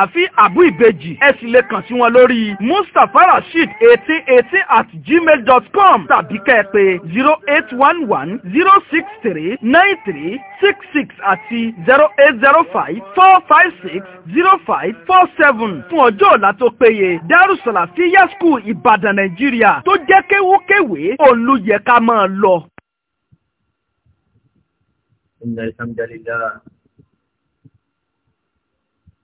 sàràfí àbú ìbejì ẹ sì lè kàn sí wọn lórí mustapha rasheed eighteen eighteen at gmail dot com tàbí kẹ́ẹ̀pè zero eight one one zero six three nine three six six àti zero eight zero five four five six zero five four seven fún ọjọ́ ọ̀la tó péye darussalafiya school ibadan nàìjíríà tó jẹ́ kéwúkéwé olùyẹ̀ká máa lọ. إن الحمد لله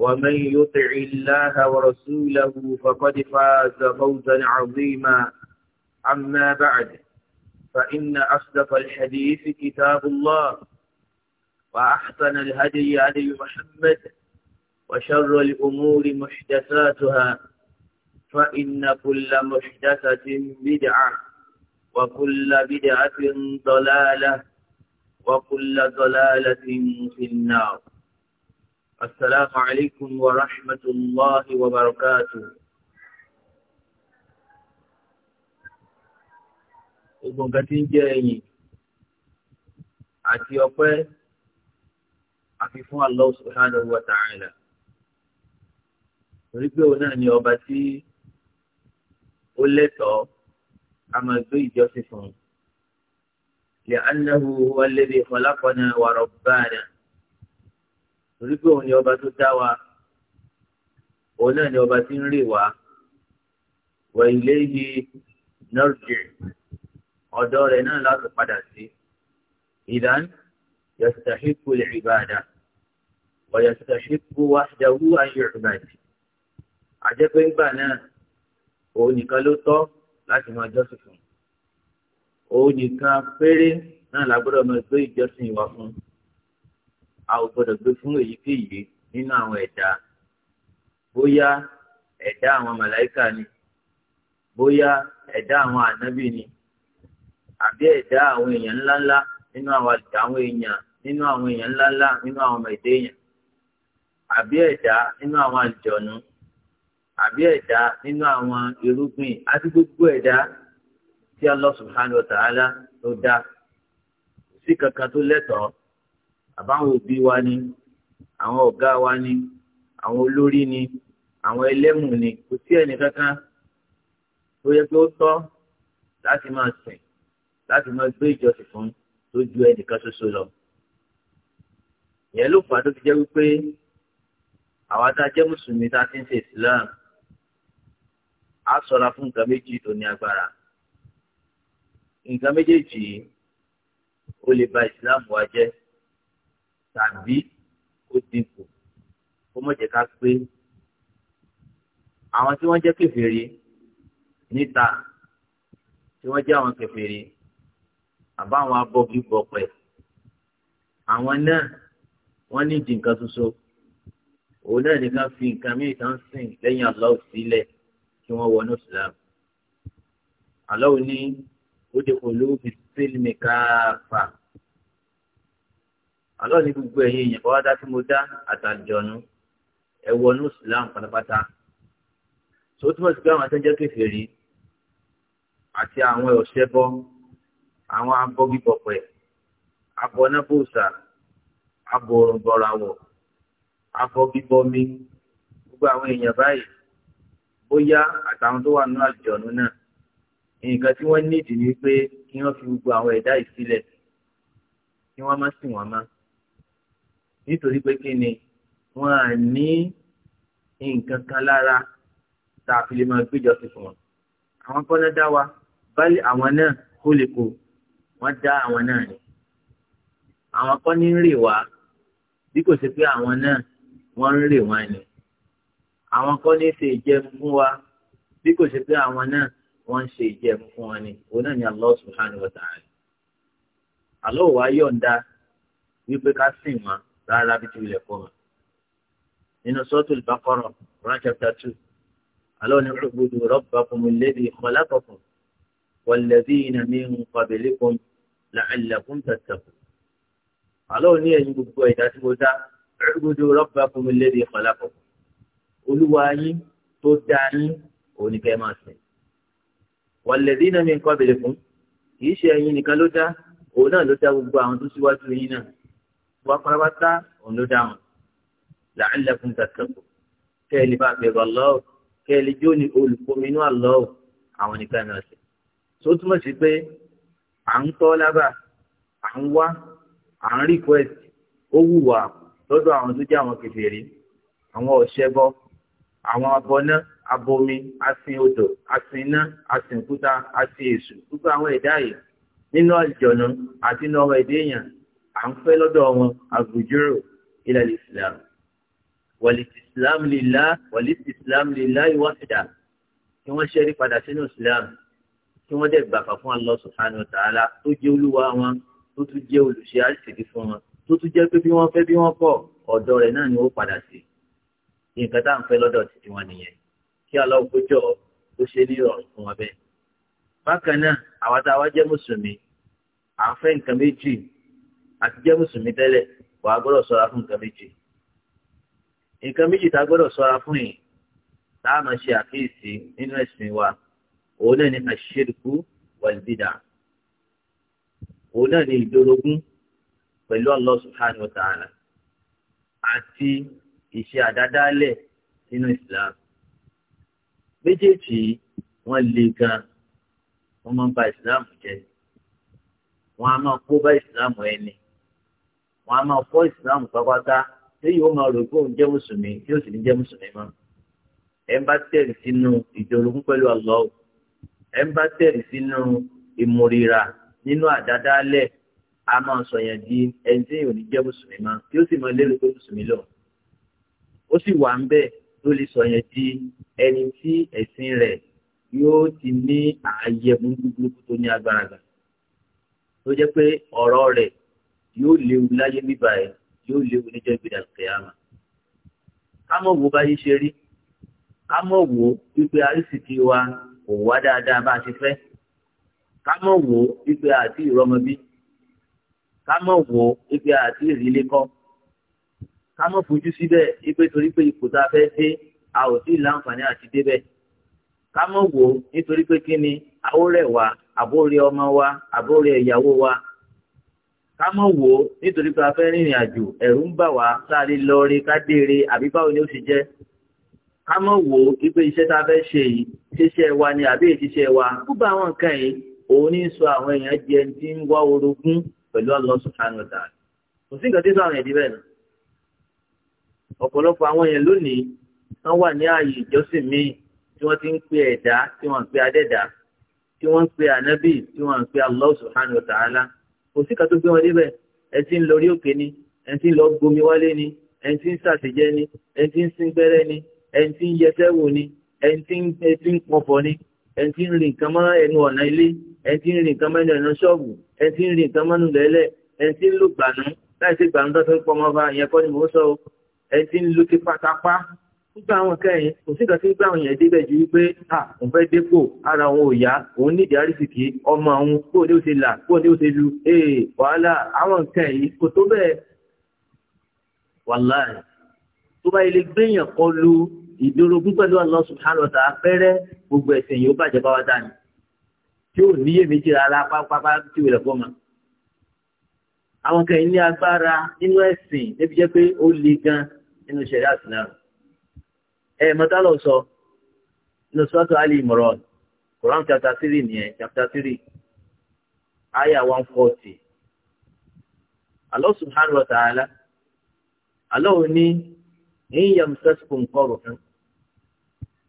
ومن يطع الله ورسوله فقد فاز فوزا عظيما أما بعد فإن أصدق الحديث كتاب الله وأحسن الهدي علي محمد وشر الأمور محدثاتها فإن كل محدثة بدعة وكل بدعة ضلالة وكل ضلالة في النار السلام عليكم ورحمة الله وبركاته gbogbo nǹkan tí ń jẹ́ ẹ̀yìn àti ọpẹ́ àfi fún Allah subhanahu wa ta'ala torí pé òun náà ni ọba tí ó lẹ́tọ̀ọ́ a máa gbé ìjọsìn fún un li'annahu huwa alladhi khalaqana wa rabbana torí pé òun ni ọba tó dá wa òun náà ni ọba tí ń rè wá wọ ilé yìí nọ́ọ̀jì ọ̀dọ́ rẹ̀ náà láti padà sí ìdán yàtàṣípò ìbàdà wọ̀yàtàṣípò wàṣẹ̀wú ayé ìbàdì àjẹpẹ́ ìgbà náà òun nìkan ló tọ́ láti máa jọ́sìn fún òun nìkan péré náà làgbọ́dọ̀ máa gbé ìjọsìn wa fún un. a ò gbọdọ̀ gbé fún èyíkéyìí nínú àwọn ẹ̀dá bóyá ẹ̀dá àwọn màláìkà ni bóyá ẹ̀dá àwọn ànábì ni àbí ẹ̀dá àwọn èèyàn ńláńlá nínú àwọn àwọn èèyàn nínú àwọn èèyàn ńláńlá nínú àwọn ọmọ èèyàn àbí ẹ̀dá nínú àwọn àlùjọ̀nù àbí ẹ̀dá nínú àwọn irúgbìn àti gbogbo ẹ̀dá tí dá sí àbáwọn òbí wa ni àwọn ọ̀gá wa ni àwọn olórí ni àwọn ẹlẹ́mù ni kò sí ẹnì kankan tó yẹ kí ó tọ́ láti máa sìn láti máa gbé ìjọsìn fún tó ju ẹnìkan ṣoṣo lọ. ìyẹn ló fà á tó fi jẹ́ wípé àwa tá a jẹ́ mùsùlùmí tá a ti ń ṣe Islam á ṣọ́ra fún nǹkan méjì tó ní agbára. nǹkan méjèèjì ó lè ba Islam wa jẹ́ tàbí ó dínkù kó mọ̀ jẹ́ ká pé àwọn tí wọ́n jẹ́ kèfèrí níta tí wọ́n jẹ́ àwọn kèfèrí àbáwọn abọ́gibọ̀pẹ̀ àwọn náà wọ́n ní ìdí nǹkan ṣoṣo òun náà nìkan fi nǹkan mìíràn tán sìn lẹ́yìn Allah sílẹ̀ kí wọ́n wọnú Islam Allah ní ó dé kò lóbi sílmì káfà àlọ́ ní gbogbo ẹ̀yin èèyàn bá wá dá tí mo dá àtàjọ̀nù ẹ wọnú Islam pátápátá tó túmọ̀ sí pé àwọn atẹ́jọ́ kèfèrí àti àwọn ọ̀ṣẹ́bọ àwọn abọ́gibọ̀pẹ̀ abọ́nábòsà abọ̀rọ̀bọ̀ràwọ̀ abọ́gibọ̀mi gbogbo àwọn èèyàn báyìí bóyá àtàwọn tó wà nínú àjọ̀nù náà nǹkan tí wọ́n nídìí ni pé kí wọ́n fi gbogbo àwọn ẹ̀dá ìsílẹ̀ kí wọ́n má sìn wọ́n má nítorí pé kí ni wọn à ní nǹkan kan lára tá a fi lè máa gbéjọ sí fún wọn àwọn kọ́nà dá wa báyìí àwọn náà kó lè kó wọ́n dá àwọn náà ni àwọn kọ́ni ń rè wá bí kò sí pé àwọn náà wọ́n ń rè wá ni àwọn kọ́ni ṣe ìjẹun fún wa bí kò sí pé àwọn náà wọ́n ń ṣe ìjẹun fún wa ni òun náà ni Allah subhanahu wa ta'ala Allah wa yọ̀ǹda wípé ká sìn wọn rárá bí ti wulẹ̀ kọ́ wọn. nínú suratul Baqara Quran chapter two alọ́ ní u'budu rabbakum alladhi khalaqakum walladhina min qablikum la'allakum tattaqun. alọ́ ní ẹ̀yin gbogbo ẹ̀dá tí mo dá u'budu rabbakum alladhi khalaqakum olúwa yín tó dá yín òun kẹ́ máa sìn. walladhina min qablikum kì í ṣe ẹ̀yin nìkan ló dá òun náà ló dá gbogbo àwọn tó síwájú yín náà wà pàrọ̀pátá òun ló dáhùn la'allakum tattaqun kẹ́ẹ̀lì bá bẹ̀rù Allah kẹ́ẹ̀lì jó ni olùkóminú Allah àwọn nìkan náà sí. tó túmọ̀ sí pé à ń tọ́ lábà à ń wá à ń request ó wùwà lọ́dọ̀ àwọn tó jẹ́ àwọn kèfèrí àwọn ọ̀ṣẹ́bọ àwọn abọ́ná abomi asin odò asin iná asin òkúta asin èṣù gbogbo àwọn ẹ̀dá yìí nínú àlùjọ̀nù àti nínú ọmọ ẹ̀dá èèyàn à ń fẹ́ lọ́dọ̀ wọn àgbòjúrò ilẹ̀ islam wàlìtì islam lillah wàlìtì islam lillahi wahda kí wọ́n ṣẹ́rí padà sínú islam kí wọ́n dẹ̀ gbàgbà fún Allah subhanahu wa ta'ala tó jẹ́ olúwa wọn tó tún jẹ́ olùṣe àṣìṣe fún wọn tó tún jẹ́ pé bí wọ́n fẹ́ bí wọ́n kọ̀ ọ̀dọ̀ rẹ̀ náà ni ó padà sí nǹkan tá à ń fẹ́ lọ́dọ̀ títí wọn nìyẹn kí Allah ó ṣe ní ìrọ̀rùn fún wọn bẹ́ẹ̀. bákan náà àwa tá jẹ́ mùsùlùmí à ń fẹ́ nǹkan méjì àti jẹ́ mùsùlùmí tẹ́lẹ̀ wàá gbọ́dọ̀ ṣọ́ra fún nǹkan méjì nǹkan méjì tá a gbọ́dọ̀ ṣọ́ra fún yìí tá a máa ṣe àkíyèsí nínú ẹ̀sìn wa òun náà ní àṣìṣedùkú wàlídìdà òun náà ní ìdórogún pẹ̀lú Allah subhanahu wa àti ìṣe àdádálẹ̀ nínú Islam méjèèjì wọ́n le gan wọ́n máa ń ba Islam jẹ́ wọ́n á máa kó bá Islam ẹni wọn a máa fọ́ ìsìlámù pátápátá tí yóò máa rò pé òun jẹ́ mùsùlùmí tí yóò sì ní jẹ́ mùsùlùmí mọ́ ẹ̀ńbátẹ́rì sínú ìdòrògún pẹ̀lú Allah ẹ̀ńbátẹ́rì sínú ìmúrira nínú àdádálẹ̀ a máa sọ̀yàn di ẹni tí yóò ní jẹ́ mùsùlùmí mọ́ tí yóò sì máa lérò pé mùsùlùmí lọ ó sì wà ń bẹ́ẹ̀ tó lè sọ̀yàn di ẹni tí ẹ̀sìn rẹ̀ yóò ti ní ààyè gbogbogbò tó ní agbára gbà tó jẹ́ pé ọ̀rọ̀ rẹ̀ yóò léwu láyé bíbá ẹ yóò léwu níjọ́ ìgbéra kẹyàmà ká mọ̀ wò báyé ṣe rí ká mọ̀ wò wípé àrísìkí wa kò wá dáadáa bá a ṣe fẹ́ ká mọ̀ wò wípé àti ìrọmọbí ká mọ̀ wò wípé àti ìrìlé kọ́ ká mọ̀ fojú síbẹ̀ wípé torí pé ipò tá a fẹ́ dé a ò tí ì láǹfààní àti débẹ̀ ká mọ̀ wò nítorí pé kí ni àwòrẹ̀ wa àbórí ọmọ wa àbórí ìyàwó wa ká mọ̀ wò ó nítorí pé a fẹ́ rìnrìn àjò ẹ̀rù ń bà wá sáré lọ́ọ́rí ká déere àbí báwo ni ó ṣe jẹ́ ká mọ̀ wò ó wípé iṣẹ́ tá a fẹ́ ṣe yìí ṣiṣẹ́ wa ni àbí ìṣiṣẹ́ wa gbogbo àwọn nǹkan yìí òun ní sọ àwọn èèyàn di ẹni tí ń wá orogún pẹ̀lú Allah subhanahu wa ta'ala kò sí nǹkan tí sọ àwọn èèyàn bẹ́ẹ̀ náà ọ̀pọ̀lọpọ̀ àwọn èèyàn lónìí wọ́n wà ní ààyè ìjọsìn míì tí wọ́n ti ń pe ẹ̀dá tí wọ́n ń pe adẹ́dá tí wọ́n ń pe ànábì tí wọ́n ń pe Allah subhanahu wa kò sí kan tó gbé wọn débẹ̀ ẹni tí ń lọ rí òkè ni ẹni tí ń lọ gbomi wálé ni ẹni tí ń ṣàtẹ̀jẹ́ ni ẹni tí ń sín gbẹ́rẹ́ ni ẹni tí ń yẹsẹ́ wò ni ẹni tí ń pọ̀fọ̀ ni ẹni tí ń rìn nǹkan mọ́ ẹnu ọ̀nà ilé ẹni tí ń rìn nǹkan mọ́ ẹnu ọ̀nà ṣọ́ọ̀bù ẹni tí ń rìn nǹkan mọ́nu lẹ́lẹ̀ ẹni tí ń lò gbànú láì sí gbànú tó fi pọ́ mọ́ bá ìyẹn kọ́ ni mò ń sọ ẹni tí ń lu tipátapá gbogbo àwọn nǹkan yẹn kò sí nǹkan tí gbogbo àwọn yẹn débẹ̀ ju wípé à òun fẹ́ dépò ara òun ò yá òun nídìí àrísìkì ọmọ òun bó ni ó ṣe là bó ni ó ṣe lu ee eh, wàhálà àwọn nǹkan yìí kò tó bẹ́ẹ̀ wàláì tó bá ilé gbéyàn kan lu ìdórogún pẹ̀lú Allah subhanahu wa ta'ala fẹ́rẹ́ gbogbo ẹ̀sìn yìí ó bàjẹ́ bá wa dání tí ò níyè méjì rárá pápápá tí wìlẹ̀ fọ́ ma àwọn kan ní agbára nínú ẹ̀sìn débi jẹ́ pé ó le gan nínú ṣẹ̀dá àtìlẹ́rù ẹ̀ mọ́tálọ̀ sọ inú sọ́tọ̀ Ali Imran Quran chapter three nìyẹn chapter three ayah one forty Allah subhanahu wa ta'ala Allah ní ìyàmùsẹ́sùkùn kọ̀rọ̀ fún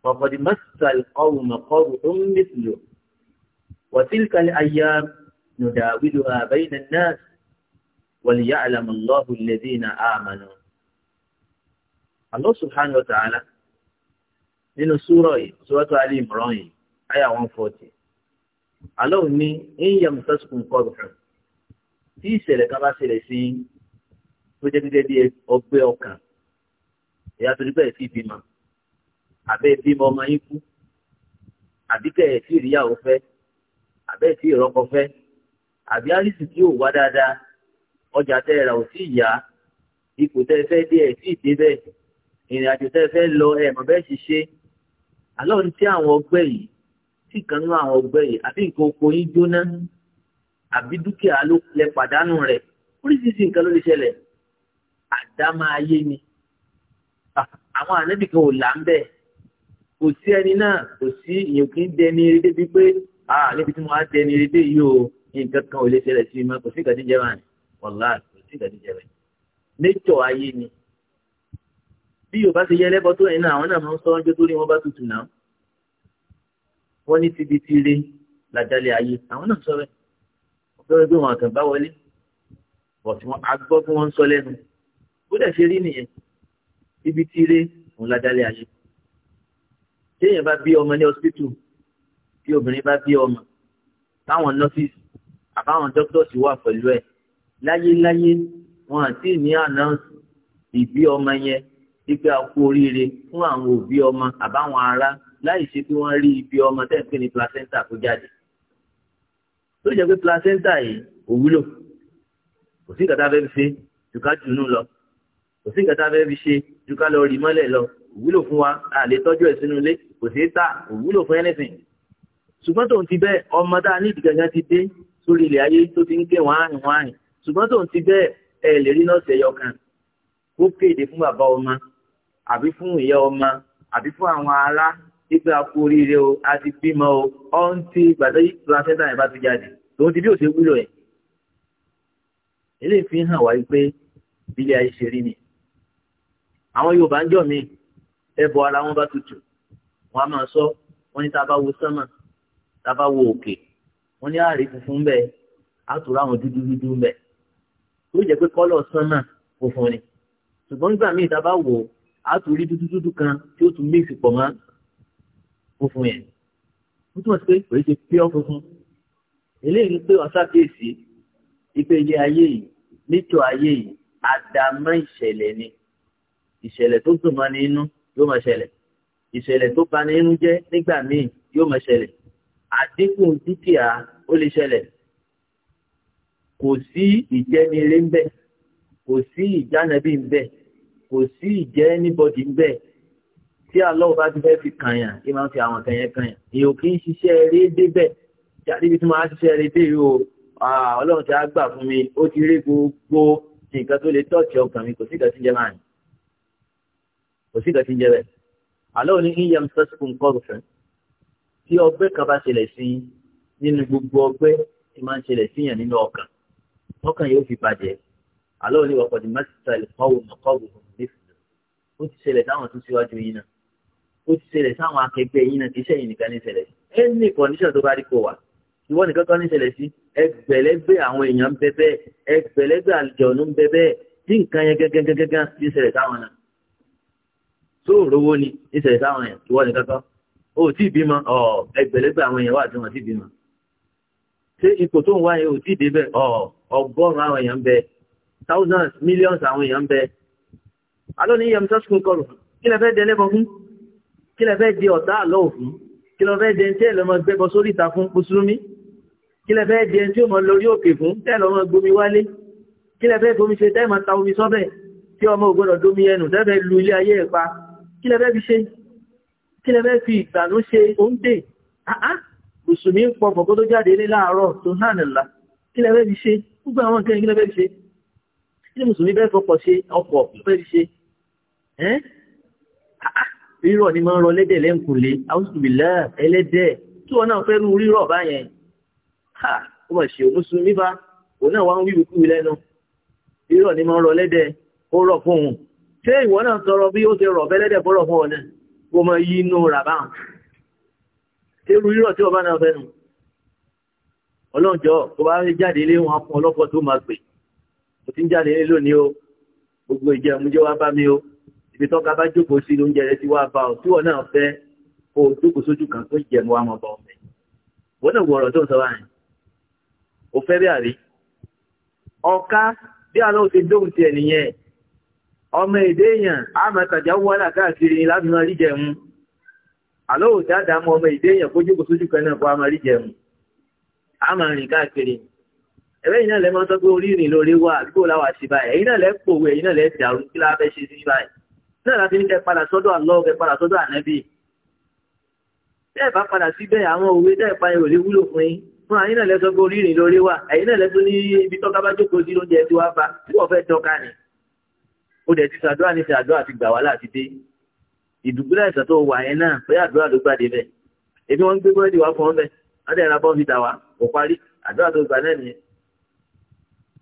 fọ̀fọ̀dì mẹ́sàl kọ̀rọ̀ mẹ́kọ̀rọ̀ tó ń mẹ́sìlò wàtílkàlẹ̀ ayá nùdàwílù àbẹ́yìn náà wàlìyá àlàmùlọ́hùn lẹ́dínà àmàlà. Allah subhanahu wa nínú súrọ̀ yìí sọ́wọ́tò alẹ́ ìmọ̀ràn yìí àyà one forty. àlọ́ òní ìyẹn mùsàsùkùn kọ́ọ̀dùn tí ìṣẹ̀lẹ̀ kan bá ṣẹlẹ̀ sí tó jẹ́ gẹ́gẹ́ bí ọgbẹ́ ọkàn ìyá tó dúpẹ́ sí ìbímọ àbẹ́ ìbímọ ọmọ yín kú àbíkẹ́ ẹ̀ tí ìríyàwó fẹ́ àbẹ́ ẹ̀ tí ìrọ́kọ fẹ́ àbí àrísì tí ò wá dáadáa ọjà tẹ́ ẹ ò tíì yá ipò tẹ́ fẹ́ dé ẹ̀ tíì dé bẹ́ẹ̀ tẹ́ fẹ́ lọ ẹ̀ mọ̀ bẹ́ẹ̀ ṣiṣẹ́ àlọ́ ní tí àwọn ọgbẹ́ yìí tí kan nínú àwọn ọgbẹ́ yìí àbí nǹkan oko yín jóná àbí dúkìá ló lẹ pàdánù rẹ̀ oríṣiríṣi nǹkan ló lè ṣẹlẹ̀ àdámọ́ ayé ni ah, àwọn ànábì kan ò là ń bẹ̀ kò sí ẹni náà kò sí èèyàn kì í dẹni eré débi pé níbi tí mo á dẹni eré dé yìí o nǹkan kan ò lè ṣẹlẹ̀ sí mi kò sí ìgbàdíjẹ́ báyìí wàláhì kò sí ìgbàdíjẹ́ báyìí nature ayé ni bí yorùbá ti yẹ ẹlẹ́bọ tó yẹn náà àwọn náà máa ń sọ ọjọ́ tó rí wọn bá tutù náà wọ́n ní tibi tire làjálẹ̀ ayé àwọn náà sọ bẹ́ẹ̀ wọ́n fẹ́ẹ́ gbé wọn àkànbá wọlé bọ̀ tí á gbọ́ bí wọ́n ń sọ lẹ́nu ó dẹ̀ ṣe rí nìyẹn ibi tire òun làjálẹ̀ ayé téèyàn bá bí ọmọ ní hospital tí obìnrin bá bí ọmọ táwọn nọ́fíìsì àbáwọn dókítọ̀sì wà pẹ̀lú ẹ̀ láyéláyé wọn àti ní àná ìbí ọmọ yẹn ipe àkú oríire fún àwọn òbí ọmọ àbáwọn ará láì ṣe pé wọ́n rí ibi ọmọ tẹ́ ń pè ní placenta kó jáde tó jẹ́ pé placenta yìí ò wúlò kò sí kàtà fẹ́ẹ́ fi ṣe jùká jùnú lọ kò sí kàtà fẹ́ẹ́ fi ṣe jùká lọ rí mọ́lẹ̀ lọ òwúlò fún wa a lè tọ́jú ẹ̀ sínú ilé kò sí tà òwúlò fún anything ṣùgbọ́n tóun ti bẹ́ẹ̀ ọmọ tá a ní ìdí gangan ti dé sórí ilẹ̀ ayé tó ti ń gé wọ́n àrùn wọ́n àrùn ṣùgbọ́n tóun ti bẹ́ẹ̀ ẹ lè rí nọ́ọ̀sì ẹ̀yọ kó kéde fún bàbá ọmọ àbí fún ìyá ọmọ àbí fún àwọn ará ipe akú oríire o a ti bímọ o ọ ń ti gbàdé placenta yẹn bá ti jáde tòun ti bí òṣèlú wúlò ẹ eléyìí fi hàn wá pé bílẹ̀ ayé ṣe rí ni àwọn Yorùbá ń jọ mí ẹbọ ara wọn bá tutù wọn a máa sọ wọn ní tá a bá wo sánmà tá a bá wo òkè wọn ní àárí funfun bẹ́ẹ̀ àtúrò àwọn dúdú dúdú bẹ́ẹ̀ tó jẹ́ pé kọ́lọ̀ sánmà funfun ni ṣùgbọ́n nígbà míì tá a bá wò ó a tún rí dúdú dúdú kan tí ó tún mix pọ̀ mọ́ funfun yẹn ó túmọ̀ sí pé kò ṣe pure funfun eléyìí ni pé ọ̀sá kéèsì ipe ilé ayé yìí nítorí ayé yìí àdámọ́ ìṣẹ̀lẹ̀ ni ìṣẹ̀lẹ̀ tó dùn mọ́ ni inú yóò máa ṣẹlẹ̀ ìṣẹ̀lẹ̀ tó bani nínú jẹ́ nígbà míì yóò máa ṣẹlẹ̀ àdínkù dúkìá ó lè ṣẹlẹ̀ kò sí ìjẹniire ń bẹ kò sí ìjánabi ń bẹ kò sí ìjẹ́ anybody ń bẹ̀ tí àlọ́wọ́ bá ti fẹ́ fi kànyàn kí máa ń fi àwọn kànyàn kànyàn èèyàn kì í ṣiṣẹ́ eré débẹ̀ jáde ibi tí máa ṣiṣẹ́ eré dé o ọlọ́run ti á gbà fún mi ó ti rí gbogbo nǹkan tó lè tọ́ọ̀tì ọkàn mi kò sí ìkàtí jẹ́ máa ní kò sí ìkàtí jẹ́ bẹ́ẹ̀ àlọ́ òní ìyẹn sọ́sìkún kọ́ọ̀fẹ́ tí ọgbẹ́ kan bá ṣẹlẹ̀ sí nínú gbogbo ọgbẹ́ tí máa ń ṣẹlẹ̀ síyàn nínú ọkàn ọkàn yóò fi bàjẹ́ àlọ́ òní wà pọ̀jù mẹ́sìtà ìkọ́wò nàkọ́wò nífẹ̀ẹ́ ó ti ṣẹlẹ̀ táwọn tún síwájú yín náà ó ti ṣẹlẹ̀ táwọn akẹgbẹ́ yín náà kì í ṣẹ̀yìn nìkan ní ṣẹlẹ̀ ẹnì kọ̀ndíṣàn tó bá rí kó wà ìwọ nìkan kan ní ṣẹlẹ̀ sí ẹgbẹ̀lẹ́gbẹ̀ àwọn èèyàn ń bẹ bẹ́ẹ̀ ẹgbẹ̀lẹ́gbẹ̀ àlùjọ̀nù ń bẹ bẹ́ẹ̀ tí nǹkan yẹn gẹ́gẹ́gẹ́gẹ́ ní ṣẹlẹ̀ táwọn náà tó rówó ni ní ṣẹlẹ̀ táwọn yẹn ìwọ nìkan kan ó tí ì bímọ ọ ẹgbẹ̀lẹ́gbẹ̀ àwọn èèyàn wà tí thousands millions àwọn èèyàn bẹ aló ní yẹm tọ́sùkú kọlù kí lẹ fẹ́ dẹ lẹ́bọ fún kí lẹ fẹ́ di ọ̀tá àlọ́ òfin kí lẹ fẹ́ dẹ tí ẹ lọ́mọ gbẹ́bọ sórí ìta fún mùsùlùmí kí lẹ fẹ́ dẹ tí ó mọ lórí òkè fún tẹ́ lọ́mọ gbomi wálé kí lẹ fẹ́ gbomi ṣe tẹ́ mọ ta omi sọ́bẹ̀ tí ọmọ ògbọ́dọ̀ domi ẹnu tẹ́ fẹ́ lu ilé ayé ẹ̀ pa kí lẹ fẹ́ fi ṣe kí lẹ fẹ́ fi ìgbànú ṣe oúnjẹ mùsùlùmí pọ̀ fọ̀kọ́ tó jáde ní láàárọ̀ tó hàn nílá kí lẹ fẹ́ fi ṣe gbogbo àwọn nǹkan kí lẹ fẹ́ fi ṣe ní mùsùlùmí bẹ́ẹ̀ fọkọ̀ ṣe ọkọ̀ fẹ́ ṣe ẹ́ rírọ̀ ni máa ń rọ lẹ́dẹ̀ lẹ́ǹkùnlé àwùjọbìlá ẹlẹ́dẹ̀ tí wọn náà fẹ́ rú rírọ̀ báyẹn ha ó mà ṣe mùsùlùmí bá òun náà wá ń wíwí kúwì lẹ́nu rírọ̀ ni máa ń rọ lẹ́dẹ̀ ó rọ̀ fún òun ṣé ìwọ náà sọ̀rọ̀ bí ó ṣe rọ̀ bẹ́lẹ́dẹ̀ bọ́rọ̀ fún ọ̀nà kó mọ yí inú ràbá bá mo ti ń jáde nílò ní o gbogbo ìjẹun jẹ́ wá bá mi o ibi tọ́ka bá jókòó sí lóúnjẹ rẹ ti wá bá náà o jókòó sójú kan tó jẹ mo wá mọ bá ọ mẹ wọn náà wọrọ tó ń sọ o bí àrí bí dóhùn nìyẹn ọmọ èdè èèyàn àmọ́ ìtajà wọlé àkáàkiri láti máa rí ọmọ èdè èèyàn kó jókòó sójú kan náà kó a máa rí jẹun àmọ́ ẹ̀rẹ́ yìí náà lẹ́ máa ń sọ pé orí ìrìn lórí wà àdúgbò láwà sí báyìí ẹ̀yin náà lẹ́ pòwe ẹ̀yin náà lẹ́ dàrú kí láà fẹ́ ṣe sí báyìí náà láti ní kẹ́ padà sọ́dọ̀ àlọ́ kẹ́ padà sọ́dọ̀ ànábì tẹ́ẹ̀ bá padà síbẹ̀ àwọn òwe tẹ́ẹ̀ pa ìròlé wúlò fún yín fún àyín náà lẹ́ sọ pé orí ìrìn lórí wà ẹ̀yin náà lẹ́ tó ní ibi tọ́ka bá jókòó sí lóúnjẹ tí wàá bá tí fẹ́ tọ́ka ni ó dẹ̀ ti ṣàdúrà ní ṣàdúrà ti gbà wá láti dé ìdùgbúlẹ̀ ìsàn tó wà yẹn náà pé àdúrà ló gbàdé bẹ́ẹ̀ ebi wọ́n ń gbé búrẹ́dì wá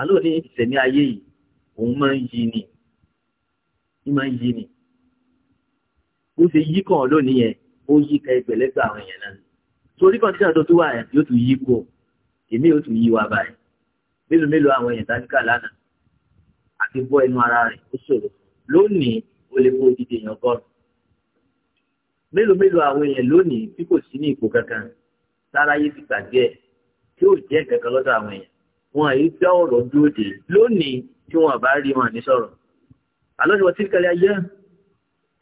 àlọ́ ní ìṣẹ̀mí ayé yìí òun máa ń yí ni ní máa ń yí ni bó ṣe yí kàn lónìí yẹn ó yí ka ẹgbẹ̀lẹ́gbẹ̀ àwọn èèyàn náà torí kan tí àdó tó wà yẹn yóò tún yí kú èmi yóò tún yí wa báyìí mélòó mélòó àwọn èèyàn táníkà lánàá àti bọ́ ẹnu ara rẹ̀ ó ṣòro lónìí ó lè kó odidi èèyàn gọ́ọ̀rù mélòó mélòó àwọn èèyàn lónìí tí kò sí ní ipò kankan sáráyé ti gbàgbé ẹ̀ tí ò jẹ́ kankan lọ́dọ̀ àwọn èèyàn wọn àyè dá ọ̀rọ̀ dúró dé lónìí tí wọn bá rí wọn ní sọ̀rọ̀ àlọ́jọ́ tí kálẹ̀ ayé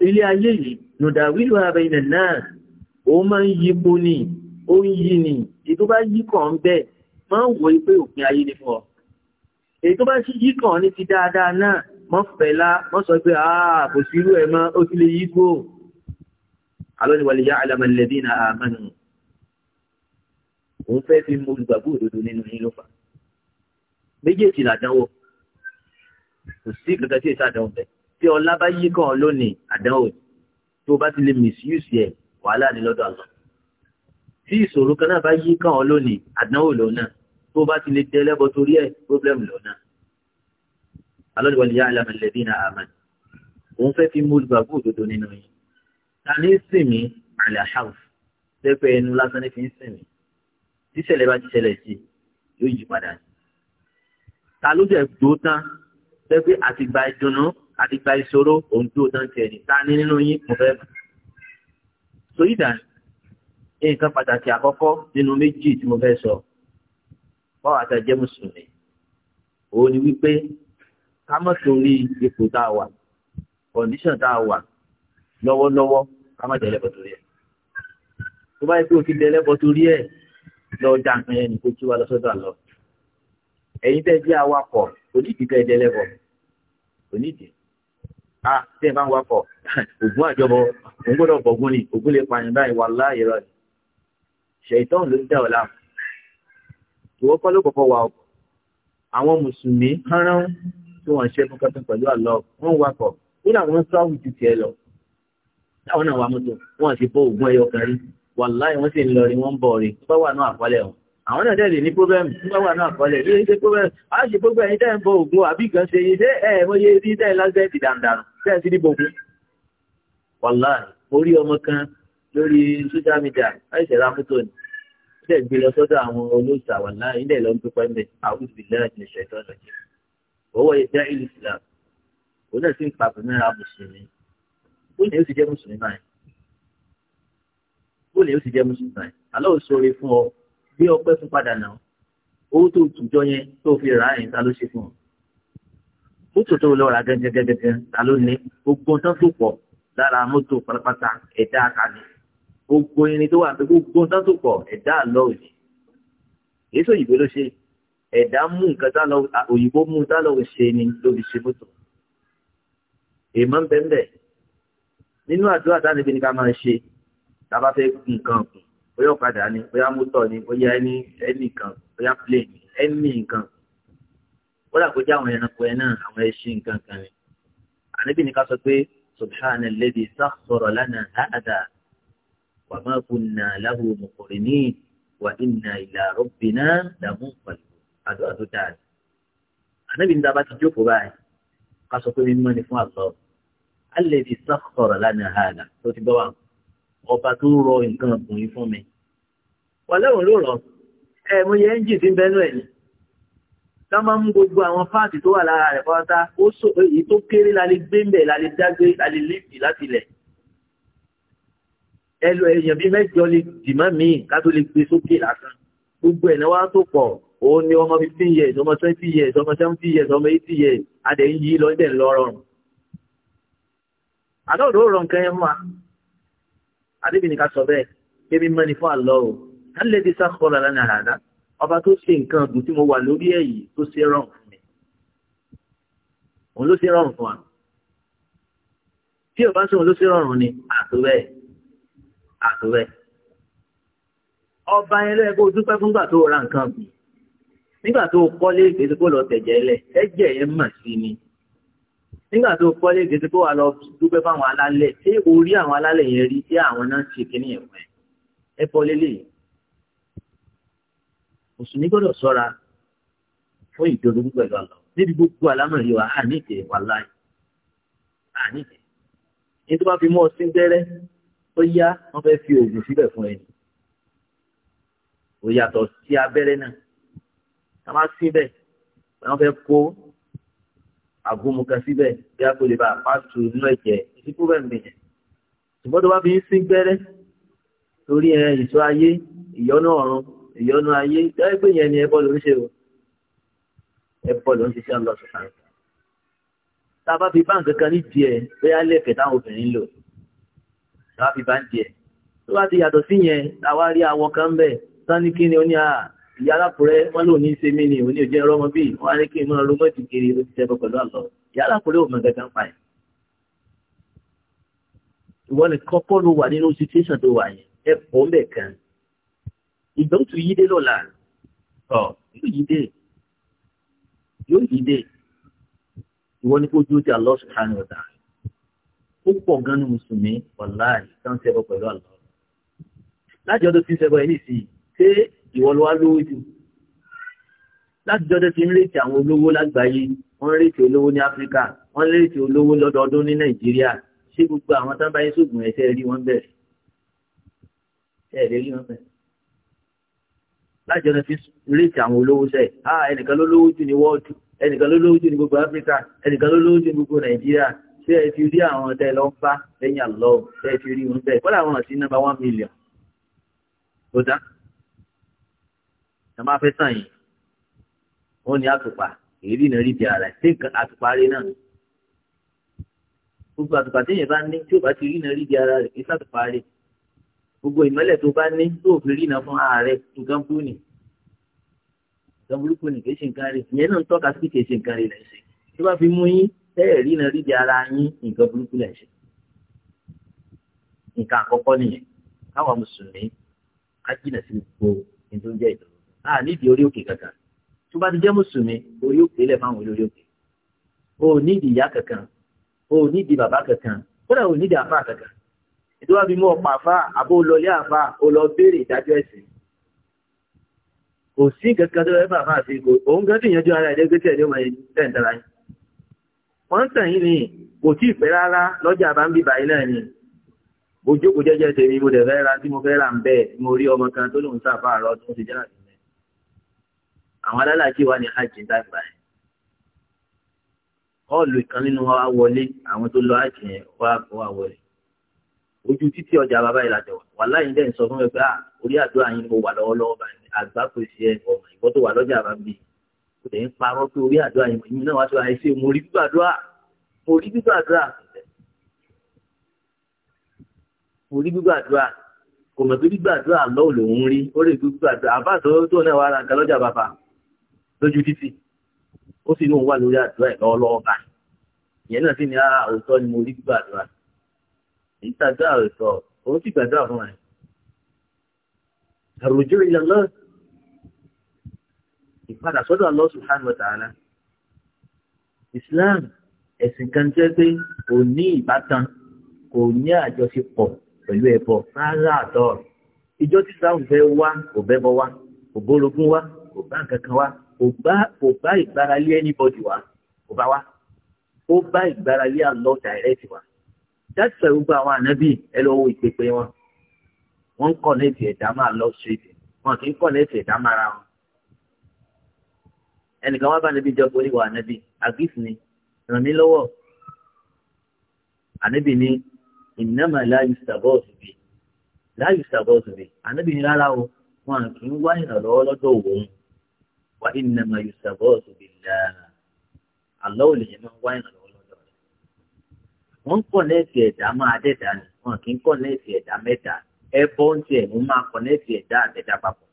ilé ayé yìí nùdà wílò abẹ ilẹ̀ náà ó máa ń yípo ni ó ń yí ni èyí bá yí kàn ń bẹ́ẹ̀ máa ń wọ pé òpin ayé ni fún ọ èyí bá sì yí kàn ní ti dáadáa náà mọ́ fẹ̀lá mọ́ sọ pé kò sí irú ẹ̀ mọ́ ó ti lè yí kó àlọ́jọ́ wà lè yá àlàmà lẹ́bí na àmànù òun fẹ́ fi mọ olùgbàgbọ́ òdodo nínú yín ló fà á méjèèjì làdánwò kò sí kankan tí èsì àdánwò bẹ tí ọlá bá yí kàn lónìí àdánwò tó bá ti lè misuse ẹ wàhálà ní lọ́dọ̀ àlọ tí ìṣòro kan náà bá yí kàn lónìí àdánwò lọ́nà tó bá ti lè dẹlẹbọ torí ẹ pọblẹmù lọ́nà alọ́ni wọlé yá àlàmà lẹ́bí náà àmà òun fẹ́ fi mú olùgbàgbọ́ òdodo nínú yín ta ní sinmi àlẹ́ àṣàwọ̀ lẹ́pẹ́ ẹnu lásán ní fi ń sinmi ta ló jẹ́ dúró tán pẹ́pẹ́ àtìgbà ìdùnnú àtìgbà ìṣòro òun dúró tán tiẹ̀ ní ta ní nínú yín mo fẹ́ mọ̀. so ìdá nǹkan pàtàkì àkọ́kọ́ nínú méjì tí mo fẹ́ sọ báwo àtàjẹ́ mùsùlùmí òun ni wípé ká má torí ipò tá a wà kọ̀ǹdíṣàn tá a wà lọ́wọ́lọ́wọ́ ká má jẹ́ lẹ́bọ̀ torí ẹ̀ tó bá yẹ o ti dẹ́ lẹ́bọ̀ torí ẹ̀ lọ́ọ́ dá nǹkan yẹn ní tí wàá lọ sọ́dọ̀ àlọ́ ẹ̀yin tẹ́ jẹ́ awakọ̀ onídìí tẹ́ jẹ́ lẹ́bọ̀ onídìí a tẹ́ ẹ bá ń wakọ̀ ògùn àjọbọ òun gbọ́dọ̀ bọ̀gún ni ògùn lè pààyàn báyìí wà láàyè rọ ni ṣèyítọ́n ló ń dá ọ̀la ìwọ kọ́ ló kọ́kọ́ wa ọkọ̀ àwọn mùsùlùmí kánrán tí wọ́n ṣe fún kẹ́kẹ́ pẹ̀lú àlọ́ wọ́n wakọ̀ nínú àwọn tíráwù ju tiẹ̀ lọ táwọn náà wà mọ́tò wọ́n ti bọ́ ògùn ẹyọ kan rí wàláì wọ́n sì ń lọ rí wọ́n ń bọ̀ rí bá wà náà àpọ́lẹ̀ wọn àwọn náà tẹ́lẹ̀ ní pọ́bẹ́mù nígbàgbà náà kọlẹ̀ ní ṣe pọ́bẹ́mù a ṣe pọ́bẹ́ ẹni tẹ́ẹ̀ ń bọ ògùn àbí gan ṣe yí tẹ́ ẹ̀ mọ́ yé rí tẹ́ẹ̀ lásẹ̀tì dàndàrùn tẹ́ẹ̀ sí ní bọ̀gún wàláhì orí ọmọ kan lórí social media láìsẹ̀ rámútó ni ṣe gbé lọ sọ́dọ̀ àwọn olóòṣà wàláhì ilẹ̀ lọ ń dúpẹ́ mẹ́ àwùjọ ìlẹ́yìn ìṣẹ̀tọ́ bí ọpẹ́ fún padà náà owó tó tùjọ yẹn tó fi rà yẹn ta ló ṣe fún un mọ́tò tó lọ rà gẹ́gẹ́gẹ́gẹ́ ta ló ní gbogbo tán tó pọ̀ lára mọ́tò pátápátá ẹ̀dá àkàní gbogbo irin tó wà pé gbogbo tán tó pọ̀ ẹ̀dá àlọ́ òní èso òyìnbó ló ṣe ẹ̀dá mú nǹkan tá lọ òyìnbó mú tá lọ ṣe ni ló fi ṣe mọ́tò èèmọ̀ ń bẹ́ẹ̀ nínú àdúrà táwọn ibi ní ká máa ṣe tá a bá fẹ́ nǹkan ọ̀gbìn bóyá ọ̀kadà ni bóyá mọ́tò ni bóyá ẹni ẹni nǹkan bóyá plane ẹni nǹkan kódà kó jẹ́ àwọn ẹranko ẹ náà àwọn ẹṣin nǹkan kan ni àníbì ní ká sọ pé subhana alladhi sakhkhara lana hadha wa ma kunna lahu muqrinin wa inna ila rabbina lamunqalibun àdúrà tó dáa ni àníbì ní dábàá ti jókòó báyìí ká sọ pé mímọ́ ni fún àlọ́ alladhi sakhkhara lana hadha tó ti bọ́ wa ọba tó rọ nǹkan ọ̀gbìn fún mi wà lẹ́wọ̀n ló rọ̀ ẹ̀ mo yẹ ẹ́ńjì tí ń bẹ́nu ẹ̀ ni tá máa ń gbogbo àwọn fáàtì tó wà lára rẹ̀ pátá ó sọ èyí tó kéré la lè gbé la lè dágbé la lè lífì láti lẹ̀ ẹlò èèyàn bíi mẹ́jọ lè dìmọ́ míì ká tó lè gbé sókè lásán gbogbo ẹ̀ náà wá tó pọ̀ òun ni ọmọ fifteen years ọmọ twenty years ọmọ seventy years ọmọ eighty years adẹ̀ ń yí lọ́dẹ̀ ńlọrọrùn àdọ́ọ̀dọ́ rọ̀ nǹkan yẹn mú wa àdébìnrin ká sọ bẹ́ẹ̀ kébí mọ́ni fún àlọ́ o alẹ́dẹ́ sáfọ́lá lánàá rárá ọba tó ṣe nǹkan ọ̀gùn tí mo wà lórí èyí tó ṣe rọrùn fún mi òun ló ṣe rọrùn fún wa tí ọba sóhun ló ṣe rọrùn ni àtúwẹ̀ àtúwẹ̀ ọba yẹn lọ́yẹ̀ kó o dúpẹ́ fúngbà tó ra nǹkan ọ̀gùn nígbà tó kọ́lé ìgbésí kó lọ tẹ̀jẹ̀ lẹ̀ ẹ̀jẹ̀ yẹn mà sí ni nígbà tó kọ́lé ìgbésí kó wà lọ dúpẹ́ fáwọn alálẹ̀ ṣé orí àwọn alálẹ̀ yẹn rí tí àwọn náà ṣe kíní ẹ̀wọ̀n ẹ̀ ẹ̀ pọ́ lélẹ́yìí mùsùlùmí gbọ́dọ̀ sọ́ra fún ìdòdó pẹ̀lú àlọ́ níbi gbogbo àlámọ̀rí wa à nídìí wà láàyè à nídìí ní tó bá fi mọ́ ọtí gbẹ́rẹ́ ó yá wọ́n fẹ́ fi oògùn síbẹ̀ fún ẹni ó yàtọ̀ sí abẹ́rẹ́ náà tá a bá síbẹ̀ wọ́n fẹ́ kó àgómùkà síbẹ̀ bí a kò lè bá a pa tu inú ẹ̀jẹ̀ ìdíkú bẹ́ẹ̀ mìíràn ṣùgbọ́n tó bá fi ń sí gbẹ́rẹ́ torí ẹ̀ ìṣọ́ ayé ìyọ́nú ọ̀run ìyọnu ayé dáwọ́ pé yẹn ni ẹbọ ló ń ṣe o ẹbọ ló ń ṣiṣẹ́ ń lọ sọ̀tàn. tá a bá fi báǹkì kan ní díẹ̀ bóyá lẹ́ẹ̀kẹ́ táwọn obìnrin lò tá a fi bá ń díẹ̀ tó bá ti yàtọ̀ sí yẹn táwa rí awọ kan ń sani kí ni ó ní a ìyá alákùrẹ́ wọn lò ní ṣe mí ni òun ní òjẹ́ rọmọ bíi wọn á ní kí n máa romọ́ ti kiri ó ti tẹ́kọ̀ pẹ̀lú àlọ́ ìyá alákùrẹ́ ò mọ̀ gẹ́gẹ́ pa ẹ̀. ìwọ ni kọ́kọ́ ló wà nínú situation tó wà yẹn ẹ̀ pọ̀ kan ìgbà ó tún yí dé lọ́la ọ̀ yóò yí dé yóò yí dé ìwọ ni kó dúró ti Allah subhanahu wa ta'ala ó pọ̀ gan-an mùsùlùmí wàláì tán ṣẹbọ pẹ̀lú Allah láti ọdún tí ń ṣẹbọ yìí sí ṣé ìwọ ló wá lówó jù láti ọdún tí ń rètí àwọn olówó lágbàáyé wọ́n rètí olówó ní Áfíríkà wọ́n rètí olówó lọ́dọọdún ní Nàìjíríà ṣé gbogbo àwọn tábàáyé sóògùn ẹ̀ṣẹ̀ rí wọn bẹ̀rẹ̀ ẹ̀ bẹ̀rẹ̀ láti ọ̀nà fi rétí àwọn olówó sẹ́ à ẹnìkan ló lówó jù ní wọ́ọ̀dù ẹnìkan ló lówó jù ní gbogbo áfíríkà ẹnìkan ló lówó jù ní gbogbo nàìjíríà ṣé ẹ ti rí àwọn ọ̀tẹ́ lọ ń bá lẹ́yìn àlọ́ ṣé ẹ ti rí wọn bẹ́ẹ̀ kọ́lá àwọn sí nọ́mbà one million kò dá ẹ máa fẹ́ sàn yìí wọ́n ní àtùpà èyí náà rí ti ara ẹ̀ ṣé àtùpà rí náà gbogbo àtùpà téèyàn bá ní tí ò gbogbo ìmọ́lẹ̀ tó bá ní tó fi rí iná fún ààrẹ nǹkan burú ni nǹkan burúkú ni kì í ṣe nǹkan rẹ̀ ìyẹn náà ń tọ́ka sí kì í ṣe nǹkan rẹ̀ lẹ́sẹ̀ tó bá fi mú yín tẹ́ẹ̀ rí iná rí di ara yín nǹkan burúkú lẹ́sẹ̀ nǹkan àkọ́kọ́ nìyẹn káwa mùsùlùmí á jìnà sí gbogbo ní tó ń jẹ́ ìdòwò a nídìí orí òkè kankan tó bá ti jẹ́ mùsùlùmí orí òkè lẹ̀ fáwọn olórí òkè o nídìí ìyá kankan o nídìí bàbá kankan kódà o nídìí àfáà kankan ètò wá fi mú ọ̀pá àfa àbó lọlé àfa ó lọ béèrè ìdájọ́ ẹ̀sìn kò sí kankan tó ẹ̀fà àfa àti kò òun kan tìyànjú ara ẹ̀dẹ́ gbẹ́sẹ̀ ní ọmọ ẹni tẹ̀ǹtara yìí wọ́n ń tàn yín ni kò tí ì pẹ́ rárá lọ́jà bá ń bíbà yín náà ni mo jókòó jẹ́jẹ́ tèmi mo dẹ̀ fẹ́ ra tí mo fẹ́ ra ń bẹ́ẹ̀ mo rí ọmọ kan tó lòun sáfà àárọ̀ tó ń jẹ́rà sílẹ̀ àwọn alálàájì wa ni hajj dàgbà ẹ̀ họ́ọ̀lù kan nínú wa wọlé àwọn tó lọ hajj yẹn wá wọlé ojú títí ọjà bàbá ìlàjọ wà láyìn dẹ́n sọ fún mi pé ah, orí àdúrà yín mo wà lọ́wọ́lọ́wọ́ báyìí àgbákò sí ẹ ọmọ ìbọn tó wà lọ́jà bá mi kò lè ń parọ́ pé orí àdúrà yín yín náà wá sọ àìsí mo rí gbígbàdúrà mo rí gbígbàdúrà mo rí gbígbàdúrà kò mọ̀ pé gbígbàdúrà lọ́wọ́ lòún rí ó lè gbígbàdúrà àbá tó tó náà wà ra lọ́jà bàbá lójú títì ó sì lóun wà lórí àdúrà ẹ̀ báyìí ìtajà àrùsọ òun ti gbàdúrà fún ẹ àròjọ ilẹ̀ lọ ìpadà sọ́dọ̀ Allah subhanahu wa ta'ala Islam ẹ̀sìn kan jẹ́ pé kò ní ìbátan kò ní àjọṣepọ̀ pẹ̀lú ẹbọ rárá àtọ ìjọ tí sáwọn fẹ́ wá kò bẹbọ wá kò bórogún wá kò bá nǹkan kan wá kò bá kò bá ìgbáralé anybody wá kò bá wá ó bá ìgbáralé Allah direct wá that's why gbogbo àwọn ànábì ẹ lọ wo ìpèpè wọn wọ́n ń kọ̀nẹ́tì ẹ̀dá máa lọ street wọn kì í kọ̀nẹ́tì ẹ̀dá mára wọn. ẹnìkan wá bá níbi ìjọba oníwà ànábì àgìf ni ràn mí lọ́wọ́ ànábì ni ìnáma láàyè sàbọ́ọ̀sì bì láàyè sàbọ́ọ̀sì bì ànábì ni rárá o wọn kì í wá ìrànlọ́wọ́ lọ́dọ̀ òun wà ìnáma yusabọ́ọ̀sì bì láàrá àlọ́ òlè yẹn máa wá ìrànlọ́wọ́ wọ́n kọ̀nẹ́ẹ̀tì ẹ̀dá máa dẹ́dà ni wọn kì í kọ̀nẹ́ẹ̀tì ẹ̀dá mẹ́ta ẹ̀bọ ń tiẹ̀ ń máa kọ̀nẹ́ẹ̀tì ẹ̀dá àtẹ̀dá papọ̀.